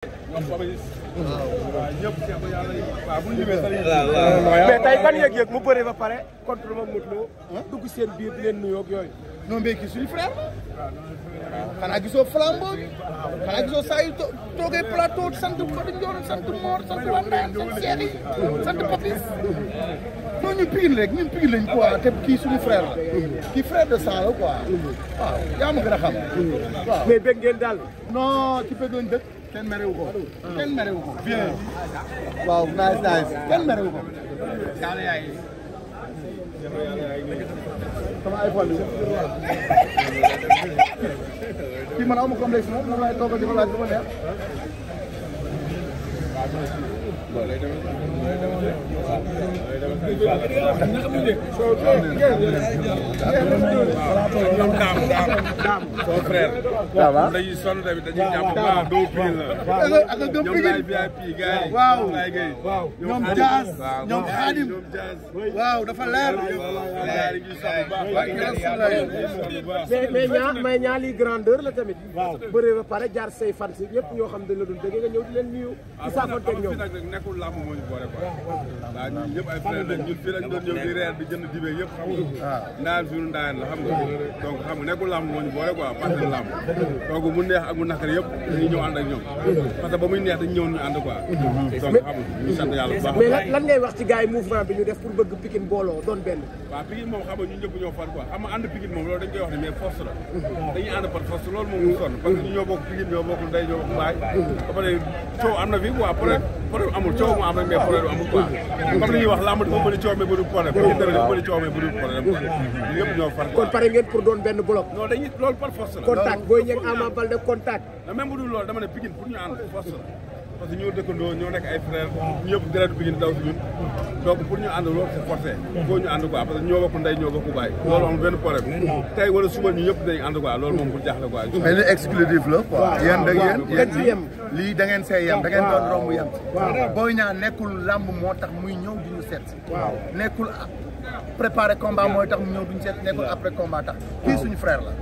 mais tey ban yëg-yëg mu bëree ba pare contre ma Modou Lo dugg seen biir di leen nuyoog yooyu non mais kii suñu frère xanaa gisoo flambeau bi xanaa gisoo saa yu plateau sant Fatick sant Mor sant Wandaan sant Papis non ñu piir rek ñun piir lañ quoi te kii suñu frère la kii frère de sang la quoi yaa ma gën a xam waaw mais bëgg ngeen daal non ci bëggoon dëkk kenn merewu ko kenn merewu ko bien waaw nice nice kenn merewu ko yàlla yaay sama iPhone bi kii man awma complexe moom moom laay toogal di ko laaj lu ma neex waaw ñoom daam daam soo frère. ça waaw la. ñoom laay VIP gars yi. waaw ñoom dafa leer. mais mais ñaa mais grandeur la tamit. waaw pare jaar say fan si ñëpp ñoo xam dañ la doon dégg nga ñëw leen nuyu. di saafanteeg ñoom. nekkul làmb na nag ñun fii lañ doon ñëw di reer di jënd dibe yëpp xam nga waaw ah. ndaan suñu ndaan la xam nga donc xam nga nekkul làmb moo ñu boole quoi parten làmb donc mu neex ak mu naqari yëpp dañuy ñëw ànd ak ñoom parce que ba muy neex dañu ñëw ñu ànd quoi mhm. donc xam nga ñu sant yàlla bu baax mais lan ngay wax ci gars yi mouvement bi ñu def pour bëgg Pikine booloo doon benn waaw Pikine moom xam nga ñu ñëpp ñoo far quoi xam nga ànd Pikine moom loolu dañ koy wax ne mais force la mhm. dañuy ànd par force loolu moom ñu sonn parce que ñu ñoo bokk Pikine ñoo bokk ndey ñoo bokk baay mhm. ba pare coow am na fii quoi problème problème amul coow mu am na mais problème amul quoi comme li ñuy wax làmb làmb dafa bëri coow mais bëri problème dafa bëri coow mais bëri problème ñëpp ñoo far kon pare ngeen pour doon benn bloc non dañuy loolu par force la contact booy ñëg Ama Baldé contact même bu dul loolu dama ne Pikine pour ñu ànd force la parce que ñoo dëkkandoo ñoo nekk ay frère ñëpp deret Pikine daw si ñun donc pour ñu ànd loolu c'est forcé foo ñu ànd quoi parce que ñoo bokk ndey ñoo bokk baay loolu am benn problème tey wala suba ñu yëpp dañu ànd quoi loolu moom bu jaaxle quoi benn exclusif la quoi yéen da ngeen lii da ngeen see yem da ngeen doon romb yem booy ñaa nekkul làmb moo tax muy ñëw seet si. waaw nekkul préparer combat mooy tax mu ñëw duñ seet nekkul après combat tax. kii suñu frère la.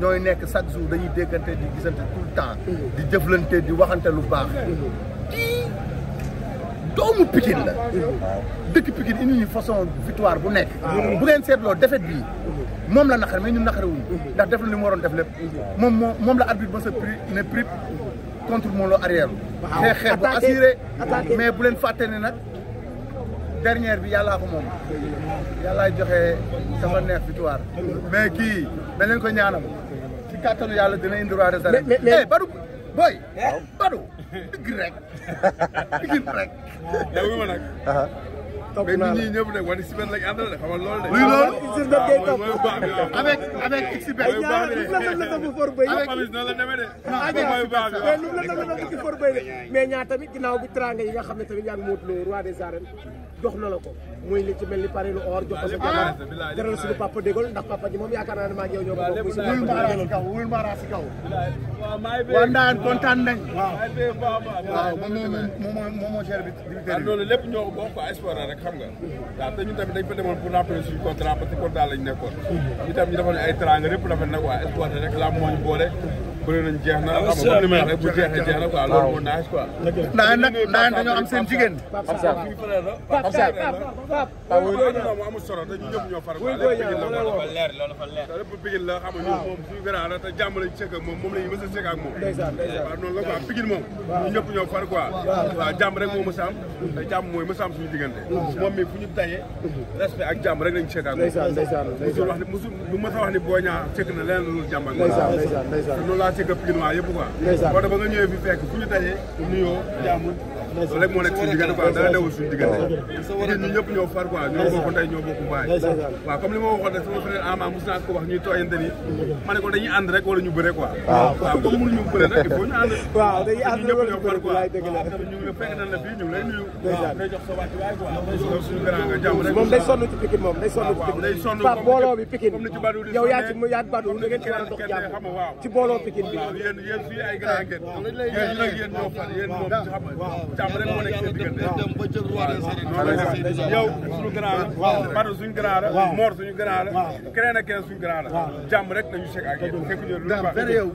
ñooy nekk chaque jour dañuy déggante di gisante tout le temps. Mm-hmm. di jëflante di waxante lu baax. Mm-hmm. kii doomu Pikine la. Mm-hmm. dëkk Pikine indi ñu façon victoire bu nekk. Ah. bu ngeen seetloo défaite bi moom la naqare mais ñun naqare wuñ ndax def na li mu waroon def lépp. moom moo moom la arbitre ba sa prix ne prix contre Modou Lo arrière. xeex xeex bu assuré mais bu leen fàtte ne nag. dernière bi yàllaa ko moom yàllaay joxe dafa neex victoire mais kii dañ ko ñaanal ci kàttanu yàlla dina indi roi des arènes. mais mais eh, Badou booy. rek digg rek. dawul topp naa la mais nit ñi ñëpp nag wàllu si benn lañ àndal de xamal loolu de. luy loolu waaw mooy baax bi waaw. avec avec expert. mooy baax bi de mais ñaar lu mu la def bu for bay. avec Papis noonu la demee de. ah ñaar mooy baax bi waaw mais lu mu la def bu for bay de. mais ñaar tamit ginnaaw bi teraanga yi nga xam ne tamit yaa ngi Modou Lo roi des arènes jox na la ko muy li ci mel ni pare lu or jox ko sa ah, jabar jaral suñu papa dégol ndax papa ji moom yaakaar naa ne maa ngi yow ñoo bokk muy suñu maara si kaw wul maara si kaw waa ndaan kontaan nañ waaw waaw moom moo moo moo cher bi loolu lépp ñoo ko bokk espoir rek xam nga waaw te ñu tamit dañ fa demoon pour rappeler suñu contrat parce que contrat lañ nekkoon ñu tam ñu defoon ay teranga lépp rafet nag waa espoir rek la moo ñu boole bëri nañ jeex na xam nga ni may wax rek bu jeexee jeex na quoi loolu moo naaj quoi. naan nag naan dañoo am seen jigéen. Pape Sarr Pape Sarr waaw ah, loolu moom amul solo te ñun ñëpp ñoo far. loolu dafa leer loolu dafa leer. lépp Pikine la xam nga ñun moom suñu gën a ànd te jàmm lañ sekk ak moom moom la ñu mës a sekk ak moom. waaw noonu la quoi Pikine moom. ñun ñëpp ñoo far quoi. waaw jàmm rek moo mës a am te jàmm mooy mës a am suñu diggante. moom mi fu ñu tayee respect ak jàmm rek lañ sekk ak moom. musul wax ni musul bu mës a wax ni boo ñaa sekk na leneen lu jàmm ak waa Cégep Guinois yëpp quoi. ndeysaan boo tax ba nga ñëwee fi fekk fu ñu dajee nuyoo jaamu. loolu rek moo nekk suñu diggante quoi dara newul suñu diggante ñun ñëpp ñoo far quoi ñoo bokk ndey ñoo bokk mbaay waaw comme li ma waxoon rek sama frère Ama mos naa ko wax ñuy tooyante ni ma ne ko dañuy ànd rek wala ñu bëre quoi ah. waaw comme mënuñu bëre nag il faut ñu ànd waaw dañuy ànd ñëpp ñoo far quoi ñu fekk nañ la fii ñu ngi lay nuyu day jox sa wàcc waay quoi suñu grand nga jàmm rek moom day sonn ci Pikine moom day sonn ci ah, day sonn pa booloo bi Pikine yow yaa ci yaa badu da ngeen ci war a dox jàmm ci booloo Pikine bi yéen yéen fii ay grand ngeen yéen nag yéen ñoo far yéen moom xam jàmm rek moo nekk seen diggante. yow suñu grand la. Badou suñu grand ñu lu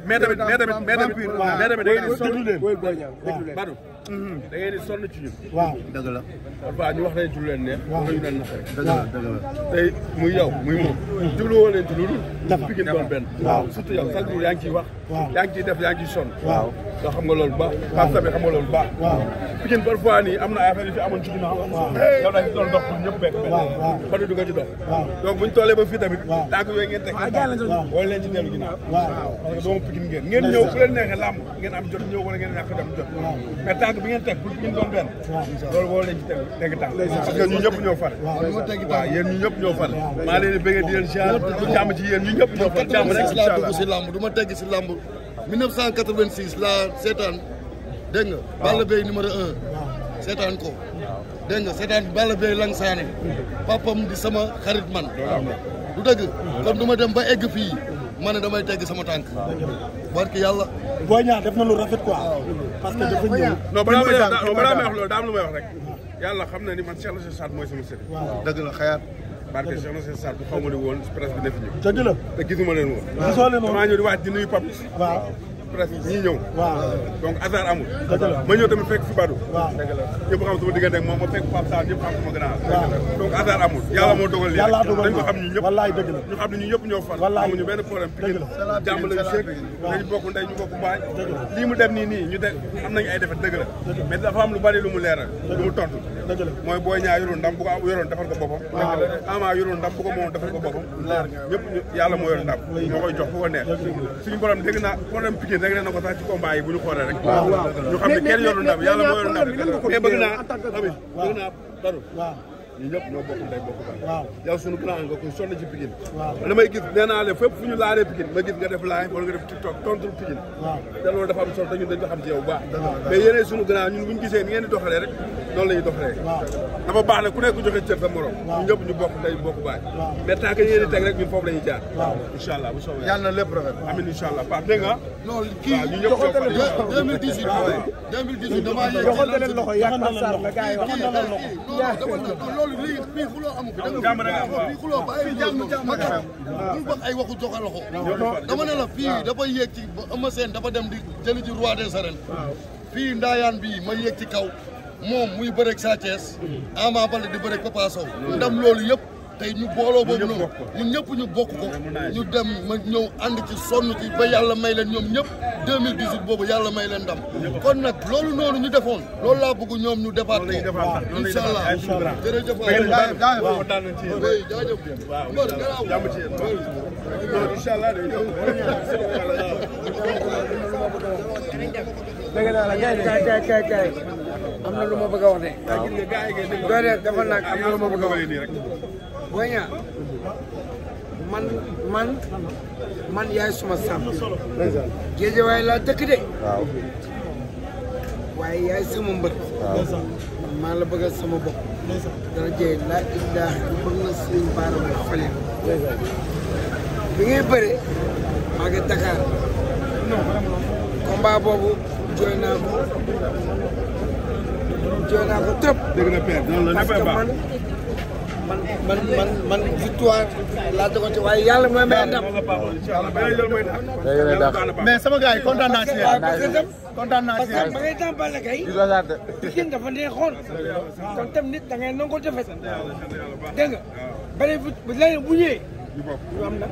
mais tamit da ngeen di sonn Badou mm-hmm. da ngeen di sonn la. parfois ñu wax leen ci lu leen neex. tey muy yow muy moom. jublu woo leen ci lu dul. dafa dafa doon benn. waaw surtout yow chaque jour yaa ngi ciy wax. waaw yaa def yaa ngi ciy sonn. ndax xam nga loolu baax xaas tamit xam nga loolu baax Pikine parfois nii am na ay affaire yu fi amoon ci ginnaaw yow dañ ci doon dox pour ñëpp bekk benn ba du dugg ci dox donc buñ tollee ba fii tamit tànk yooyu ngeen teg ah, wala leen ci dellu ginnaaw parce que doomu Pikine ngeen ngeen ñëw fu leen neexee làmb ngeen am jot ñëw wala ngeen ñàkk dem jot mais tànk bi ngeen teg pour Pikine doon benn loolu wala leen ci teg teg tànk parce que ñu ñëpp ñoo far waaw yéen ñu ñëpp ñoo far maa leen di bëggee di leen ziar jàmm ci yéen ñu ñëpp ñoo far jàmm rek inshallah du ma tegg si làmb 1986 laa seetaan dégg nga. waaw Balla Beye numéro un. seetaan ko. dégg nga seetaan Balla Beye Lang Sané papam di sama xarit man. du dëgg. kon du ma dem ba egg fii. ma ne damay tegg sama tànk. barke yàlla. booy ñaar def na lu rafet quoi. parce que dafa ñëw. non balaa daa am lu may rek. yàlla xam na ni man Cheikh Lassène Saad mooy sama sëriñ. dëgg la xayaat. barke Cheikh Nassir Sarr bu xaw ma ne woon presse bi def ñu. dëgg la te gisuma leen woon. gisoo leen woon damaa ñëw di waaj di nuyu Pape. waaw presse bi ñii ñëw. waaw donc hasard amul. dëgg la ma ñëw tamit fekk fi Badou. waaw dëgg la ñëpp xam sama diggante ak moom ma fekk Pape Sarr ñëpp xam sama grand. waaw donc hasard amul. yàlla moo dogal lii yàlla dogal dañ ko xam ñu ñëpp. wallaay dëgg la ñu xam ne ñu ñëpp ñoo far. wallaay amuñu benn problème. dëgg la jàmm lañu seeg dañu bokk ndey ñu bokk baay. lii mu def nii nii ñu def am nañu ay defet dëgg la mais dafa am lu bari lu mu leeral lu mu tontu mooy Boy Niang yoroon ndam bu ko yoroon defal ko boppam Ama yoroon ndam bu ko moomoon defal ko boppam ñëpp yàlla moo yor ndam moo koy ko neex suñu borom dégg naa problème Pikine rek na ko sax ci combat yi bu ñu xoolee rek ñu xam ne kenn yorul ndam moo yor ndam mais bëgg naa bëgg naa ñu ñëpp ñoo bokk ndey bokk baay. waaw yow sunu grand nga koy sonn ci Pikine. waaw damay gis nee naa leen fu ñu laalee Pikine ma gis nga def live wala nga def TikTok tontu Pikine. waaw te loolu dafa am solo te ñun dañ ko xam ci yow bu baax. mais yéenay sunu ñu gisee ni ngeen di doxalee rek noonu la ñuy doxalee. dafa ku nekk joxe cër sa morom. waaw ñun ñëpp ñu bokk ndey bokk baay. waaw la ñuy jaar. waaw incha allah bu soobee yàlla loolu léegi fii xuloo amu fi. jàmm da nga fii xuloo ba ay jàmm magal bu ñu ay a jox loxo. dama ne la fii dafa yéeg ci Eumeu Sène dafa dem jëli ci roi des arènes. fii ndaayaan bii ma yéeg ci kaw moom muy bëreeg Sa Thiès Ama Baldé di bëreeg Papa ndam loolu yëpp. tey ñu booloo boobu noonu ñun ñëpp ñu bokk ko ñu dem ma ñëw ànd ci sonn ci ba yàlla may leen ñoom ñëpp 2018 boobu yàlla may leen ndam kon nag loolu noonu ñu defoon loolu laa bëgg ñoom ñu defaat ko incha allah jërëjëf dégg naa la kay kay kay kay am na lu ma bëgg a wax de. waaw doo dee dafa nag am na lu ma bëgg a wax. Boy Niang man man man yaay suma sàmm géejewaay laa dëkk de waaye yaay sama mbër maa la bëggal sama bopp dara jeey laa illah ñu bëgg na sëriñ baaram fale bi ngay bëre maa ngi Dakar combat boobu jooy naa ko jooy naa ko trop dëgg noonu la parce que man man man man victoire laa déggoon ci waaye yàlla mooy may ndam. mais sama gars yi kontaan naa ci yéen. kontaan naa ci yéen parce que ba ngay daan Balla Gaye. Pikine dafa nee xool. kon tam nit da ngay nangoo defet. dégg nga beneen bi leneen bu ñëwee. ñu am nag.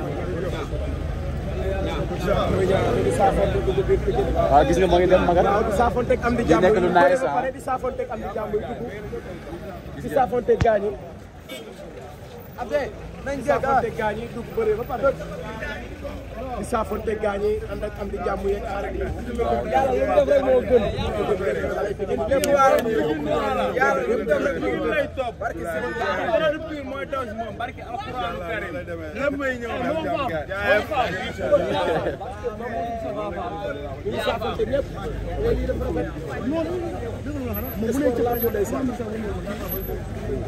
waaw ah, gis nga moo dem Maguette. waaw di saafonteeg am di jàmbur di nekk lu naay ah. sax di saafonteeg am di jàmbur di Abdé nañ jéeg ah saafante gaañ ba pare. di saafante gaañ yi ànd di jàmm yeeg aar ak yàlla moo gën. yàlla lu mu def rek gën. barke Sëriñ mooy daw si moom barke Alxuraanu Karim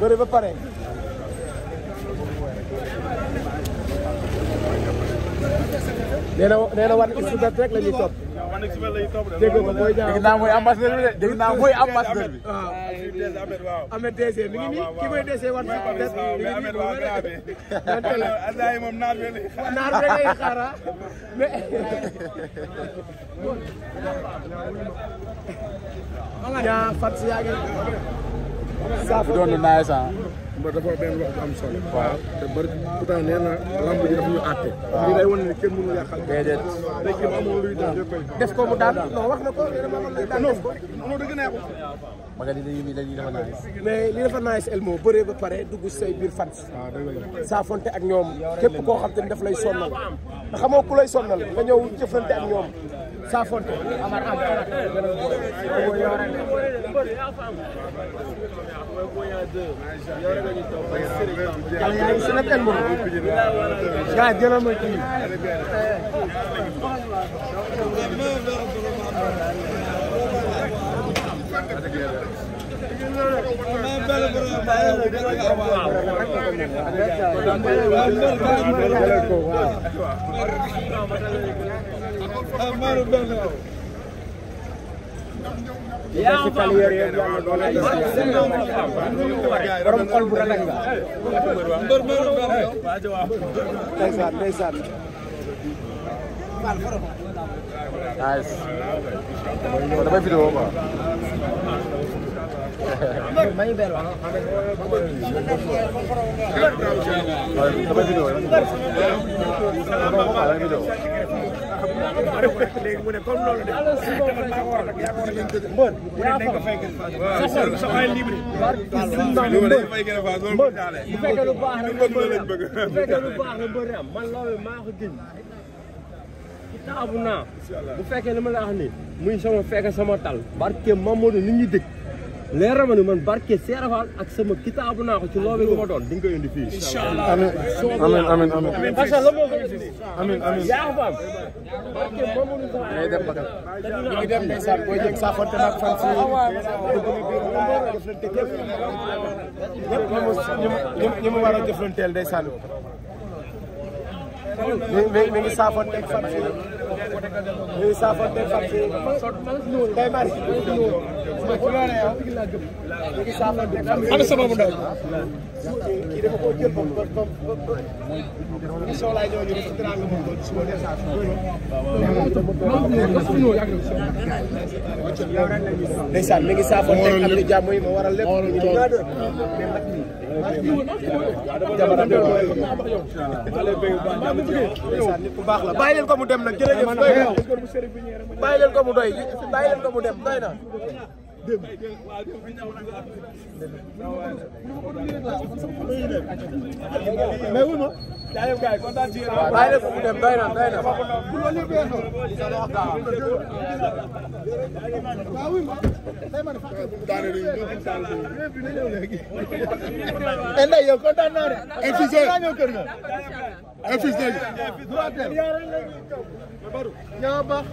lépp ba pare. nee na nee na wan expert rek la ñuy topp. wan de. dégg nga mooy naa mooy ambassadeur bi de dégg naa mooy ambassadeur bi. Ah. waaw Ahmed DC mi naar bi lay xaar. naar bi lay xaar ah. mais. yaa doon na naay ah. sax. ba dafa benn wax bu am solo. waaw te bari pourtant nee na lamb ji dafa ñu àtte. waaw lii def ko mu daan non wax na ko nee na ma man lay daan def ko. non dëgg neexul. ma ni dafa naaj. Elmo bëree ba pare dugg say biir fans. waaw ah, dëgg la ak ñoom képp koo xam te ni daf lay sonnal. te xamoo ku lay sonnal nga ñëw jëflante ak ñoom. saafonte amar am farat Amadou Bello yaa ngi fàttali yor yor yàlla lool ay borom xol bu rafet nga. ndeysaan ndeysaan. nice. kon damay vidéo quoi. damay vidéo. léegi mu ne comme loolu de man maa ko waral ak yaa ko waral ak mbër mu ne nañ ko fekk sa xol sa xol libre mbër bu fekkee lu baax la bu fekkee lu baax la mbër am man loolu maa ko gën naa bu fekkee li ma la wax muy sama fekk sama tal barke Mamadou ni ñuy dëkk leer na ma ni man barke Seerafaal ak sama kitaabu naa ko ci loobe lu ma doon di nga koy indi fii. incha allah amiin amiin amiin. parce que la moo ko indi. amiin amiin yaa ko faam. barke moomu sama ay dem bagal. ñu ngi dem ndeysaan booy jéeg saa xonte naag fan si jëflante ah, képp ñëpp ñu ñu mu war a jëflanteel ndeysaan mi mi ana sababu ndaw ndeysaan mi ngi saafo teg am ni jàmm yi ma waral lépp nit ku baax la bàyyi leen ko mu dem nag jërëjëf doy na bàyyi leen ko mu doy bàyyi leen ko mu dem doy na démb. mais wu ma. bàyyi la ko mu dem doy na doy na. et nag yow kontaan naa de. infusé infusé. ñoo baax.